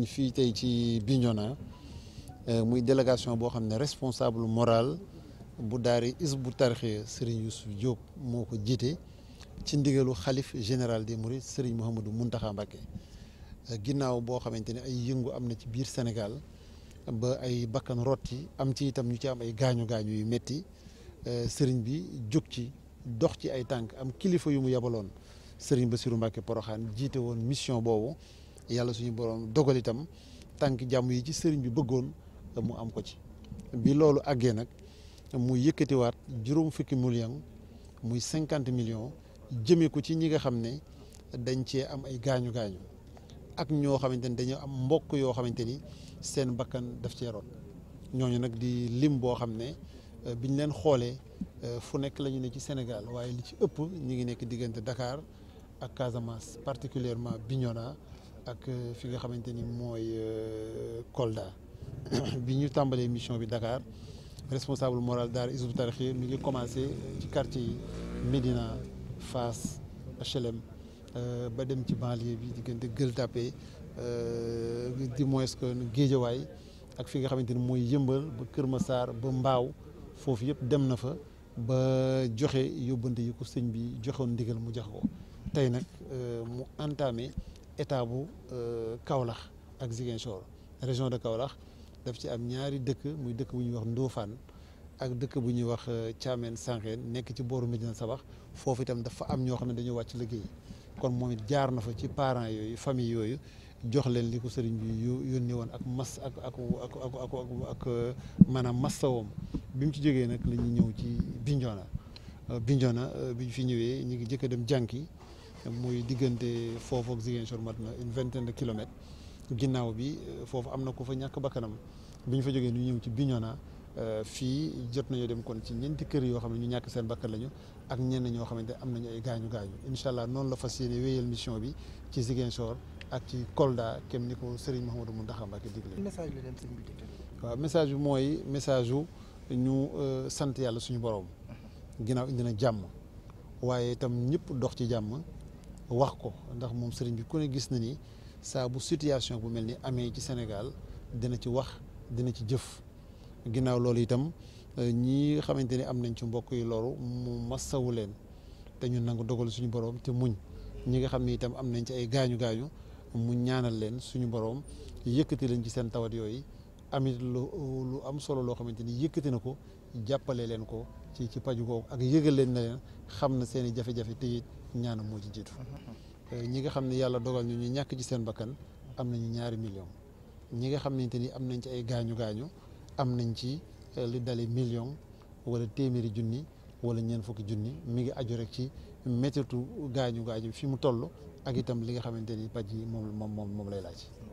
nañ tey ci Bignona euh, muy délégation boo xam ne responsable moral bu daari Hizbut Tarqiyyah Serigne Youssouf Diop moo ko jiite ci ndigalu xalif général des Mourides Serigne Mouhamadou Mountakha Mbacké euh, ginnaaw boo xamante ne ay yëngu am na ci biir Sénégal ba ay bakkan yi am ci itam ñu ci am ay gaañu gaañu yu métti euh, Serigne bi jóg ci dox ci ay tànk am kilifa yu mu yebaloon yabaloon ba Bassirou Mbacké Porokhane jiite woon mission boobu. yàlla suñu borom dogal itam tànk jàmm yi ci sëriñ bi bëggoon mu am ko ci. bi loolu àggee nag muy yëkkatiwaat juróom fukki million muy cinquante millions jëmee ko ci ñi nga xam ne dañ cee am ay gaañu gaañu ak ñoo xamante ni dañoo am mbokk yoo xamante ni seen bakkan def cee ñooñu nag di lim boo xam ne euh, biñ leen xoolee euh, fu nekk la ñu ne ci Sénégal waaye li ci ëpp ñu ngi nekk diggante Dakar ak Casamance particulièrement Bignona ak euh, fi nga xamante ni mooy euh, Kolda bi ñu tàmbalee mission bi Dakar responsable moral daara Hizbut Tarqiyyah mi ngi commencé euh, ci quartier yi Médina Fass HLM ba dem ci banlieue bi diggante Gueule Tapée di moins que Guédiawaye ak fi nga xamante ni mooy Yëmbal ba Kër Massar ba Mbaaw foofu yëpp dem na fa ba joxe yóbbante yi ko sëñ bi joxoon ndigal mu jox ko tey nag mu entamé état bu euh, Kaolack ak Ziguinchor région de Kaolack daf ci am ñaari dëkk muy dëkk bu ñuy wax Ndofane ak dëkk bu ñuy wax euh, Thiamène Sankhène nekk ci booru Médina Sabax foofu itam dafa am ñoo xam ne dañoo wàcc liggéey kon moom it jaar na fa ci parent yooyu famille yooyu jox leen li ko sëriñ bi yónnee woon ak mas ak ak ak ak ak euh, maanaam masawoom bi mu ci jógee nag la ñëw ci Bignona Bignona bi ñu fi ñëwee ñu ngi jëkk a dem jànki muy diggante foofu ak Ziguinchor mat na une vingtaine de kilomètres ginnaaw bi euh, foofu am na ko fa ñàkk bakkanam bi ñu fa jógee ñu ñëw ci Bignona euh, fii jot nañoo dem kon ci ñeenti kër yoo xam ne ñu ñàkk seen bakkan lañu ak ñenn ñoo xamante am nañu ay gaañu gaañu incha allah noonu la fas yéene wéyal mission bi ci Ziguinchor ak ci Kolda kem ni ko Serigne Mouhamadou Mountakha Mbacké digle. message la leen sëñ bi waaw message bi mooy message wu ñu euh, sant yàlla suñu borom. ginnaaw indi na jàmm waaye itam ñëpp dox ci jàmm. wax ko ndax moom sëriñ bi ku ne gis na ni saa bu situation bu mel ni amee ci Sénégal dina ci wax dina ci jëf ginnaaw loolu itam euh, ñi xamante ni am nañ ci mbokk yi loru mu massawu leen te ñu nangu dogal suñu borom te muñ ñi nga xam ni itam am nañ ci ay gaañu gaañu mu ñaanal leen suñu borom yëkkati leen ci seen tawat yooyu amit lu lu am solo loo xamante ni yëkkati na ko jàppale leen ko ci ci paju googu ak yëgal leen ne leen xam na seen i jafe-jafe te ñaanam moo ci jiitu euh, ñi nga xam ne yàlla dogal ñu ñu ñàkk ci seen bakkan am nañu ñaari million ñi nga xam nante ni am nañ ci ay gaañu gaañu am nañ ci euh, li dale million wala téeméeri junni wala ñeent fukki junni mi ngi aju rek ci méttitu gaañu gaañu fi mu toll ak itam li nga xamante ni paj yi moom moom moom lay laaj